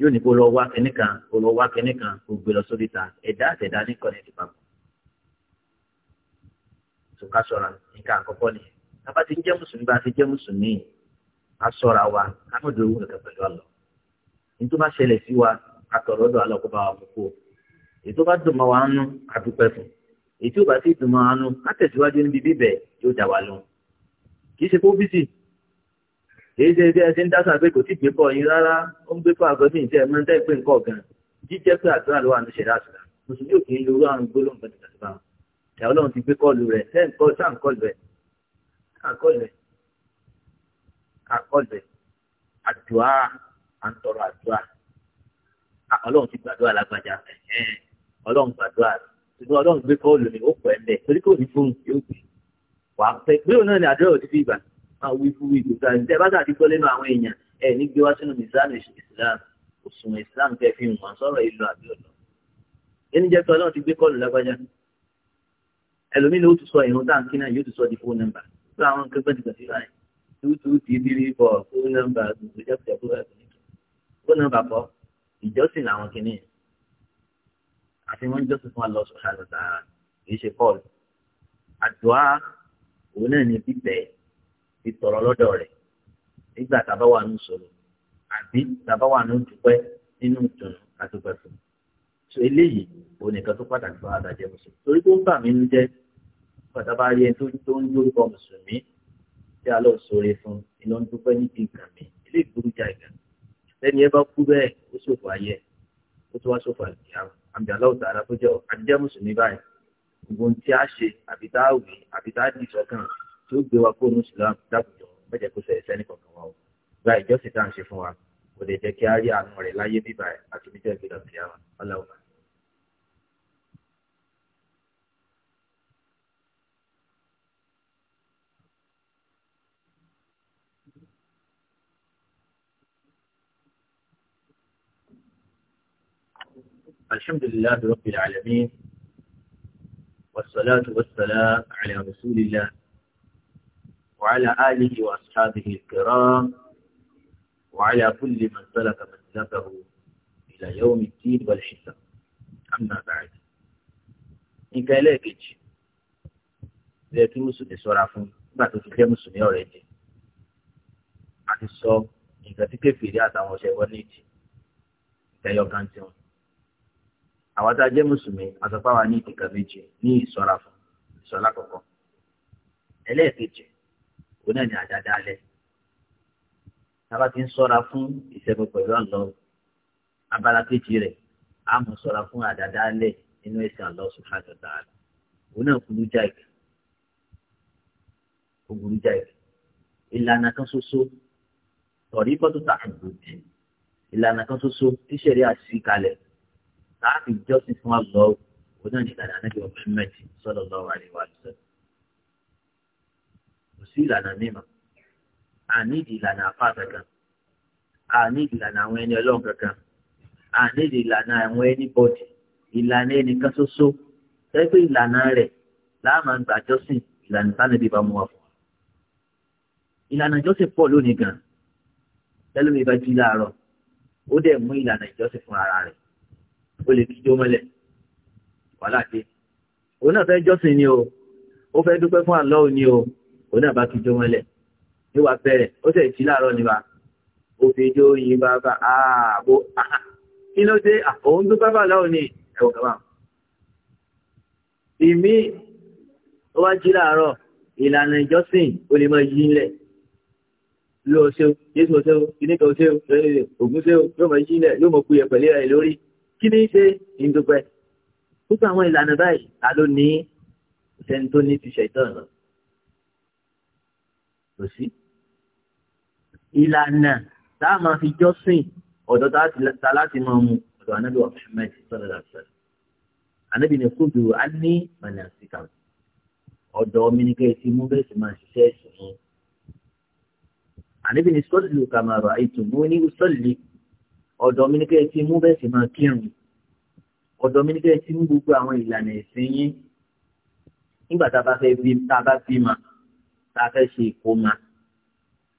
yóò ní kó lọ wá kinní kan kó lọ wá kinní kan kó gbé lọ sórí ta ẹ̀dá àtẹ̀dá ní papọ̀. nǹkan àkọ́kọ́ ni ti ń jẹ́ mùsùlùmí ti jẹ́ mùsùlùmí a wa ká mọ̀ ètò bá dùn mọ́ wa nú àdúpẹ́ fún ètò bá sì dùn mọ́ wa nú látẹ̀síwájú níbi bíbẹ̀ yóò dà wá lóhùn kì í ṣe póbítì kì í ṣe bí ẹ ṣe ń dá sáà pé kò tí gbé pọ̀ yín rárá ó ń gbé pọ̀ àgọ́ ní ìṣe ẹ̀mọ́ tẹ́ pé nǹkan ọ̀gàn jíjẹ́ pé àdúrà ló wà ní ṣẹ̀dá àṣùlá mùsùlùmí ò kì í lo orú gbólóhùn pẹ̀lú ìtàṣùbà ìyá ọlọ́run ti gbé kọ́ọ̀lù rẹ̀ ṣé nǹkan ṣáà ń kọ́ọ̀lù rẹ̀ ọlọ́run gbàdúrà rẹ̀ ṣùgbọ́n ọlọ́run gbé kọ́ọ̀lù ni ó pọ̀ ẹ́ lẹ̀ torí kò ní fún yóò gbé wàá pẹ́ pé òun náà ni àdúrà òtí fi ìgbà máa wí fún wí gbogbo àti tẹ́ bá tà dípọ́ àwọn èèyàn ẹ̀ ní gbé wá sínú mìsánù ìsìlám òṣùwọ̀n ìsìlám kẹ́ fi hàn sọ̀rọ̀ ìlú àbí ẹni jẹ́ pé ọlọ́run ti gbé kọ́ọ̀lù lágbájá ẹlòmíì ló tún sọ ìrún táǹkì náà yóò tún sọ di fóònù nọ́mbà tó àwọn nǹkan gbẹ́dì gbẹ́dì láyé tútù ti bírí fọ fóònù nọ́mbà gbogbo jẹ́ pẹ̀lú ẹ̀kọ́ fóònù kọ́ ìjọsìn làwọn kìnìyàn àti wọ́n ń jọ́sìn fún Allah subhanahu wa ta'ala kìí ṣe paul àdúrà òun náà ní bíbẹ̀ ìtọ̀rọ̀ lọ́dọ̀ rẹ̀ nígbà tábà wà ní ìṣòro àbí tábà wà ní ìdúpẹ́ nínú ìdùnnú àdúpẹ́ fún so eléyìí òun nìkan tó pàtàkì fún adájẹ́ mùsùlùmí torí tó ń bà mí nínú jẹ́ pàtàkì rí ẹni tó ń dórúkọ mùsùlùmí tí a lọ sóore fún iná ń dúpẹ́ níbi nǹkan mi ilé ìgbóríjà ìgbà lẹ́ni ẹ bá kú bẹ́ẹ̀ ó ṣòfò ayẹ ó tún wá ṣòfò àlùkìyàwó àbí aláwùtà ara tó jẹ́ àjẹ́ mùsùlùmí báyìí gbogbo tí a ṣe àbí tá a wì àbí tá a dì sọ́kàn tí ó gbé wa kó mùsùlùmí dákùjọ mẹ́jẹ̀ kó sẹ̀ sẹ́ni kọ̀ọ̀kan wa o gba ìjọsìn tá à ń ṣe fún wa kò lè jẹ́ kí a rí àánú rẹ̀ láyé bíbáyìí àti níjọ́ ìgbéra kìí àwọn ọlọ́run الحمد لله رب العالمين والصلاة والسلام على رسول الله وعلى آله وأصحابه الكرام وعلى كل من سلك مسلكه إلى يوم الدين والحساب أما بعد إن كان لك لكن مسلم سورة فون بعد ذلك مسلم يوريدي àti sọ nǹkan tí kéfìrí àtàwọn ọ̀sẹ̀ wọ́n ní ìtì àwọn tá a jẹ́ mùsùlùmí àtọ́páwa ní ìkà méjì ní ìsọ́ra fún ìsọ́ra kọ̀ọ̀kan ẹlẹ́ẹ̀kejì òun náà ni àdáda alẹ́ tába ti ń sọ́ra fún ìṣẹ́gun pẹ̀lú àlọ́ abala kejì rẹ̀ á mọ̀ sọ́ra fún àdáda alẹ́ nínú ẹ̀sìn àlọ́ subhanahu wa ta'ala òun náà kúrú jáìkì ó burú jáìkì ìlànà kan ṣoṣo tọ̀rí kọ́tù tààbù ìlànà kan ṣoṣo tíṣẹ̀rí àṣìkalẹ̀ láti jọ́sìn fún àlọ́ òun náà ní ìlànà anábì Muhammad sallallahu alaihi wa sallam kò sí ìlànà mímọ́ àníìdì ìlànà àpá kankan àníìdì ìlànà àwọn ẹni ọlọ́run kankan àníìdì ìlànà àwọn ẹni bọ́dì ìlànà ẹnìkan ṣoṣo tẹ́gbẹ́ ìlànà rẹ̀ láàmà gbà jọ́sìn ìlànà tánàbí bá mú wa fún wa. ìlànà ìjọsìn pọ̀ lónìí gan tẹ́lómi bá jí láàárọ̀ ó dẹ̀ mú ìlànà ìjọsìn fún ara rẹ̀ ó lè kíjó mọ́lẹ̀ wàhálà dé òun náà fẹ́ jọ́sìn ni o ó fẹ́ dúpẹ́ fún àlọ́ òní o òun náà bá kíjó mọ́lẹ̀ níwà bẹ̀rẹ̀ ó sì ti láàárọ̀ níwà ó fi jó yin bá bá ààbò kí ló dé òun dúpẹ́ fún àlọ́ òní ẹ̀wọ̀n kàwá. ìmí ó wá jí láàárọ̀ ìlànà ìjọsìn ó lè máa yí nílẹ̀ lóòṣèlú jésù òṣèlú kìnnìkan òṣèlú ògúnṣèlú yóò máa yí nílẹ̀ yóò máa kú yẹ pẹ̀lú ẹ̀ lórí kí ni í ṣe ní dúpẹ́ gbogbo àwọn ìlànà báyìí ta ló ní sẹ́ni tó ní ti ṣẹ̀tàn náà kò sí ìlànà tá a máa fi jọ́sìn ọ̀dọ̀ tá láti máa mu ọ̀dọ̀ anábì wa Muhammad sallallahu alaihi wasallam anábì ní kúndù á ní mọ̀nàsíkà ọ̀dọ̀ mi ní kẹ́ ẹ ti mú bẹ́ẹ̀ sì máa ṣiṣẹ́ ẹ̀sìn yìí anábì ní sọ́ọ̀lù kàmàrọ̀ àìtùmọ́ ní sọ́ọ̀lù ọ̀dọ̀ mi ní kẹ́ ẹ ti mú bẹ́ẹ̀ sì máa kírun ọ̀dọ̀ mi ní kẹ́ ẹ ti mú gbogbo àwọn ìlànà ẹ̀sìn yín nígbà tá a bá fẹ́ bí tá a bá bímọ tá a fẹ́ ṣe ìkómà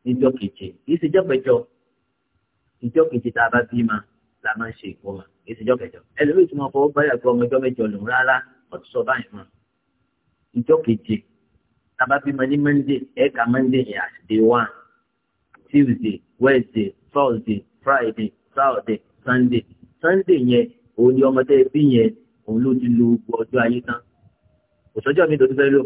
níjọ́ keje kìí ṣe jọ́pẹ̀jọ́ ìjọ́ keje tá a bá bímọ la máa ń ṣe ìkómà kìí ṣe jọ́pẹ̀jọ́ ẹlòmíì tí mo fọwọ́ báyà gbọ́ ọmọ ẹjọ́ mẹ́jọ lòun rárá ọtún sọ báyìí mọ́ ìjọ́ keje tá a bá bímọ ní monday ẹ̀ka monday yẹn àti day one tuesday wednesday thursday friday Saturday Sunday Sunday yẹn òun ni ọmọ tẹ́ bí yẹn òun ló ti lo gbogbo ọjọ́ ayé tán òṣọ́jọ́ mi tó ti fẹ́ lò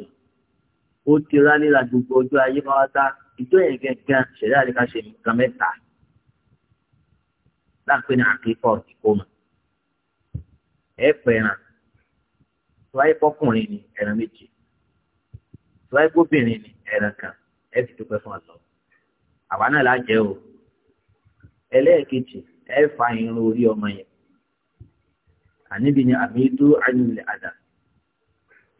ó ti rá nílà gbogbo ọjọ́ ayé máa ta ìjọ yẹn gẹ́gẹ́ ṣẹ̀dá àríkà ṣe nǹkan mẹ́ta láàpẹ́ ní àkíkọ́ ìkómọ ẹ pẹ̀ràn tíwáyé fọkùnrin ni ẹran méje tíwáyé gbóbìnrin ni ẹran kan ẹ fi dúpẹ́ fún ọ lọ àwa náà lájẹ́ o ẹlẹ́ẹ̀kejì ẹ fa irun orí ọmọ yẹn àníbi ni àmì tó àyìnlẹ̀ àdà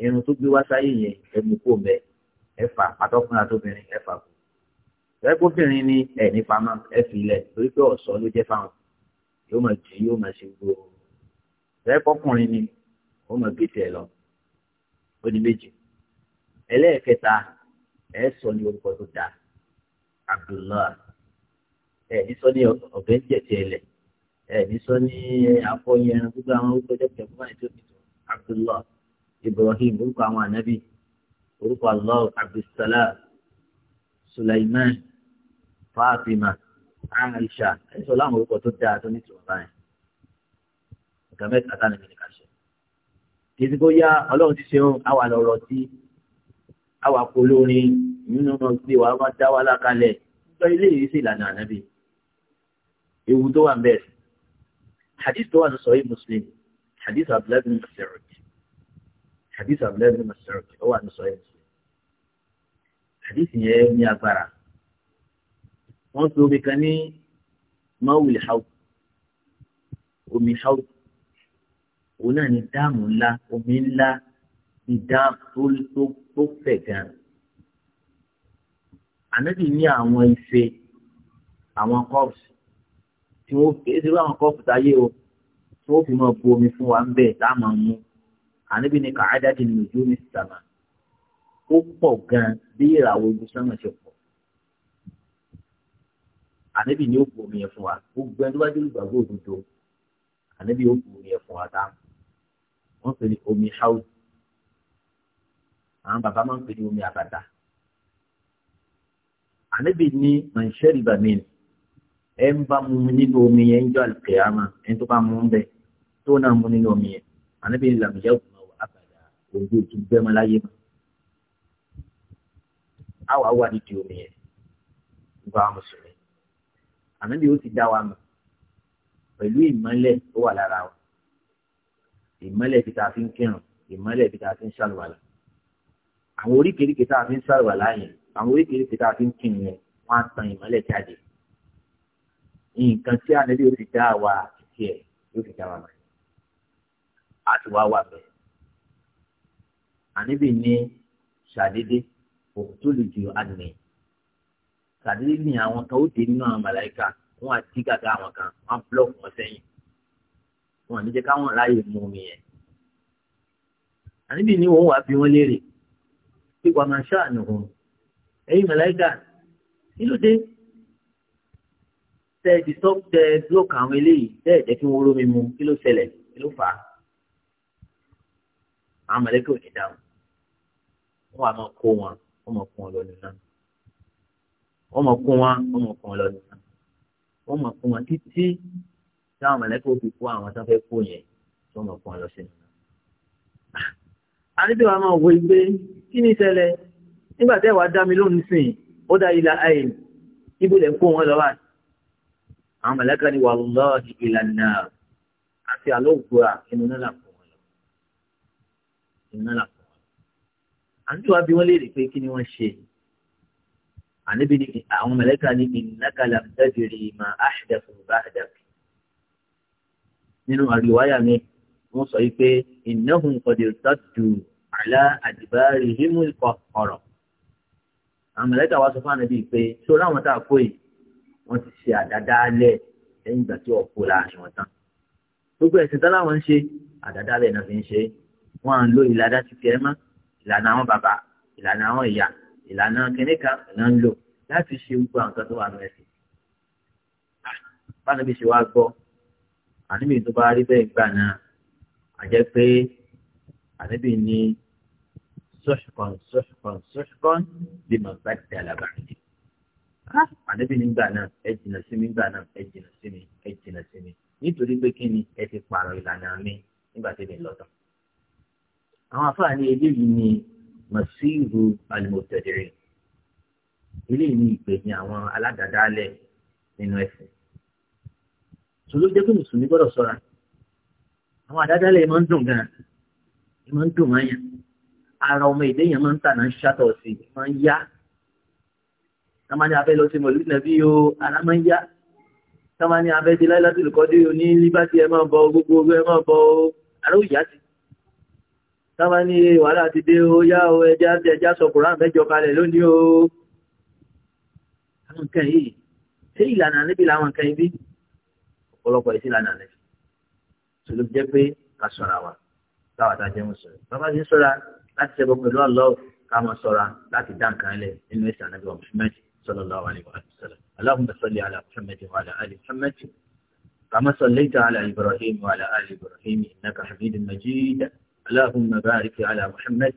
irun tó gbé wá sáyé yẹn ẹ mú kó bẹ ẹ fà àtọkùnrin àtọbìnrin ẹ fà kù ẹgbẹ́bìnrin ni ẹ nípa máa ẹ fi ilẹ̀ torí pé ọ̀sán ló jẹ́ fáwọn yóò máa jì yóò máa ṣe gbòòrò ẹgbẹ́kọkùnrin ni ó máa gbèsè ẹ lọ ó di méjì ẹlẹ́ẹ̀kẹta ẹ sọ ní orúkọ tó dáa Abdullah. ẹ̀ ní sọ ní ọ̀bẹ ń jẹ̀tẹ̀ ẹ̀lẹ̀ ẹ̀ sọ ní afọyín ẹran gbogbo àwọn orúkọ jẹ́pẹ̀ fún Ibrahim orúkọ àwọn ànábì orúkọ Allah Abdulsalam Suleiman Fatima Aisha ẹ̀ sọ láwọn orúkọ tó dáa tó ní tìwọ̀n báyìí ọ̀gá mẹ́ta tá nìkan ṣe yá ọlọ́run ti ṣeun àwa lọ̀rọ̀ tí àwa polórin nínú gbé wa dá wa ewu tó wà mbẹ́ẹ̀ sí hadith tó wà ní sọ̀rọ̀ muslim hadith abdullahi bin mas'ud hadith abdullahi bin mas'ud ó wà ní sọ̀rọ̀ muslim hadith yẹn ní agbára wọ́n fi omi kan ní mawuli hau omi hau òun náà ní dáàmù ńlá omi ńlá ní dáàmù tó tó fẹ̀ gan-an ní àwọn ife àwọn cups tí wọ́n fi ṣe báwọn kọ́ọ̀pù táyé o tí wọ́n fi máa bu omi fún wa ń bẹ̀ táàmù mú àníbi ni kàádá di nìjú ní sàmà ó pọ̀ gan bí ìràwọ̀ ojú sánmà ṣe pọ̀ àníbi ni ó bu omi yẹn fún wa gbogbo ẹni tó bá dé olùgbàgbọ́ òdodo àníbi ó bu omi yẹn fún wa táàmù wọ́n pè omi house àwọn bàbá máa ń pè omi àbàdà àníbi ni màá ń ẹ ń bá mu nínú omi yẹn ń jọ àlùkìyàmà ẹni tó bá mu ń bẹ tó náà mu nínú omi yẹn ànábì làmìyá òkú náà wà àbàdà ojú òtú gbẹmọ láyé mọ àwa wà nídìí omi yẹn gba àwọn mùsùlùmí ànábì ó ti dá wa mọ pẹ̀lú ìmọ́lẹ̀ tó wà lára wa ìmọ́lẹ̀ bí ta fi ń kírun ìmọ́lẹ̀ bí ta fi ń ṣàlùwàlà àwọn oríkèéríkèé tá a fi ń ṣàlùwàlà yẹn àwọn oríkèéríkèé tá a fi ń kírun yẹn wọ́n á tan ìmọ́lẹ̀ jáde nǹkan tí ànábì yóò fi dá wa àti ẹ̀ yóò fi dá wa mọ̀ á ti wá wà bẹ́ẹ̀ ànábì ní ṣàdédé òun tó lè ju àdìmí ṣàdédé ní àwọn kan ó dé nínú àwọn màláìka wọn àti gàgà àwọn kan wọn á wọn sẹ́yìn wọn à ní káwọn láàyè mú mi yẹn àníbi ni wọn wà bí wọn léèrè pé máa ṣáà nù wọn ẹ̀yin màláìka kí ló dé tẹ ẹdì tó tẹ búlọ̀kì àwọn eléyìí tẹ ẹ̀jẹ̀ kí wọ́n rómi mu kí ló ṣẹlẹ̀ kí ló fà á àwọn mọ̀lẹ́kẹ́ ò ní dáhùn wọ́n wà máa kó wọn wọ́n máa kó wọn lọ nínú wọ́n máa kó wọn wọ́n máa kó wọn lọ nínú wọ́n máa kó wọn títí táwọn mọ̀lẹ́kẹ́ ò fi kó àwọn tó fẹ́ kó yẹn wọ́n máa kó wọn lọ sínú ah! àdébí wa máa wo ìgbé kí ni ìṣẹ̀lẹ̀ nígbà tẹ́ wàá dá mi lónìí sìn ó dá ilà àyè ibùdó ń kó wọn lọ wáyé àwọn mẹ̀lẹ́kà ni wà lọ́ọ̀dì ìlànà àti àlọ́gbọ́ra inú náà làpọ̀ wọn lọ. inú náà làpọ̀ wọn lọ. àǹtí wa bí wọ́n léèrè pé kí ni wọ́n ṣe àníbi ni àwọn mẹ̀lẹ́kà ni innaka lam tadri ma ahdathu ba'dak. nínú àríwáyà mi wọ́n sọ yìí pé innahum qad irtaddu ala adbarihimul qaqqara. àwọn mẹ̀lẹ́kà wa sọ fún àná wọ́n ti ṣe àdádálẹ̀ lẹ́yìn ìgbà tí ọ̀pọ̀ láàrin wọn tán gbogbo ẹ̀sìn tán láwọn ń ṣe àdádálẹ̀ náà fi ń ṣe wọ́n à ń lo ìlànà ti tiẹ̀ mọ́ ìlànà àwọn bàbá ìlànà àwọn ìyá ìlànà kìnìkan náà ń lò láti ṣe gbogbo àwọn kan tó wà nù ẹ̀sìn báwọn ibi ṣe wá gbọ́ àníbi tó bá rí bẹ́ẹ̀ gbà náà àjẹ́ pé àníbi ní sọ́ṣùkọ́n sọ́ṣùkọ́n sọ́ṣùkọ́n lè mọ̀ gbàdúrà làbàrẹ̀ ká ah, ànábì nígbà náà ẹ jìnà sí mi nígbà náà ẹ jìnà sí mi ẹ jìnà sí mi nítorí pé kí ni ẹ ti pààrọ̀ ìlànà mi nígbà tí mi lọ́tọ̀. àwọn afáàní eléyìí ni masiru alimotẹdẹrẹ eléyìí ni ìpè ní àwọn aládàádáálẹ̀ nínú ẹ̀sìn. sọlọ jẹ́ pé mùsùlùmí gbọ́dọ̀ ṣọ́ra àwọn àdádálẹ̀ máa ń dùn gan-an máa ń dùn máa ń yàn ara ọmọ ìdẹ́yìn máa ń tà náà ń ṣàtọ̀ sí máa ń yá tọ́mà ní afẹ́ lọ sí mọ̀lú nàbí o alámọ́yá tọ́mà ní afẹ́ di láìláti lùkọ́dé o ní líbàtí ẹ máa bọ gbogbo ogun ẹ máa bọ o àrùn ìyá ti tọ́mà ní wàhálà ti dé o yá o ẹja ẹja sọ kùrán mẹ́jọ kalẹ̀ lónìí o àwọn nǹkan yìí ṣé ìlànà níbi làwọn nǹkan yìí bí ọ̀pọ̀lọpọ̀ yìí sí ìlànà rẹ̀ ṣòló jẹ́ pé ká ṣọ́ra wa táwa tá a jẹ́ mùsùlùmí bàbá ti ń ṣọ́ra láti láti صلى الله عليه وآله وسلم اللهم صل على محمد وعلى آل محمد كما صليت على إبراهيم وعلى آل إبراهيم إنك حميد مجيد اللهم بارك على محمد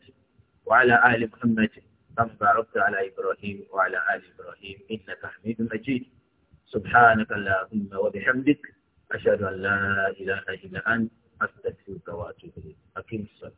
وعلى آل محمد كما باركت على إبراهيم وعلى آل إبراهيم إنك حميد مجيد سبحانك اللهم وبحمدك أشهد أن لا إله إلا أنت أستغفرك وأتوب إليك أقيم الصلاة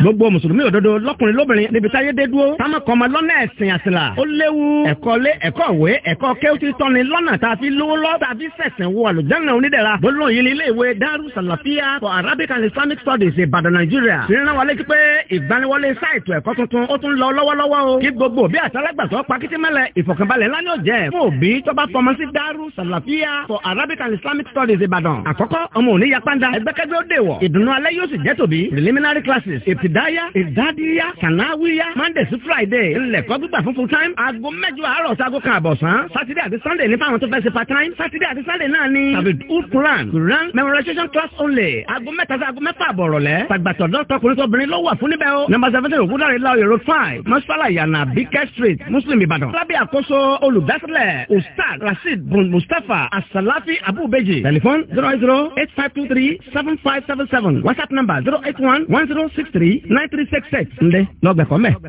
gbogbo mùsùlùmí òdodo lọkùnrin lóbìnrin níbi táyé dé dúró táwọn kan máa lọ́nà ẹ̀sìn àsìlà ó léwu ẹ̀kọ́ lé ẹ̀kọ́ ìwé ẹ̀kọ́ kéwùtì tọ́ni lọ́nà tàbí lówó lọ́ tàbí sẹ̀sìn wo àlùjáná onídẹ̀ra gbólóhùn yìí ní ilé ìwé Daru Salafia for Arabic and Islamic Studies Ìbàdàn Nàìjíríà ìrìnà wọlé kí pé ìgbaniwọlé sáìtù ẹ̀kọ́ tuntun ó tún lọ lọ́wọ́lọ́wọ́ o kí gbogbo bí àtàlágbàtọ́ pakitimẹ́lẹ̀ ìfọ̀kànbalẹ̀ ńlá ni ó jẹ́ fún òbí tó bá fọmọ sí Daru Salafia for Arabic and Islamic Studies Ìbàdàn àkọ́kọ́ ọmọ òní yapanda kẹgbẹ́ ó dè wọ̀. ìdùnnú alẹ́ yóò sì jẹ́ tòbí. preliminary classes ìtìdáyà ìdádíyà kànáwíyà monday sí friday ńlẹ̀kọ́ gbígbà fún full time. aago mẹ́jọ àárọ̀ sago kan àbọ̀sán. saturday àti sunday ní fáwọn tó fẹ́ ṣe part time. saturday àti sunday náà ni. tàbí old quran quran memorization class only. aago mẹ́ta sí aago mẹ́fà àbọ̀rọ̀ lẹ̀. tàgbàtọ̀ dọ́tọkùnrin tóbìnrin ló wà fún níbẹ̀ o. number seventeen ògúndàrí láòyè road five mọ́sálà ìyànà bíkẹ́ street muslim ìbàdàn. lábẹ́ àkóso olùdásílẹ̀ ustaz rasheed bun mustapha asalafi abubeji. tẹlifon zero zero eight five two three seven. 7577 WhatsApp number zero eight one one zero six three nine three six six. 1063 9366 ǹdẹ́ lọ́gbẹ̀kọ́ mẹ́.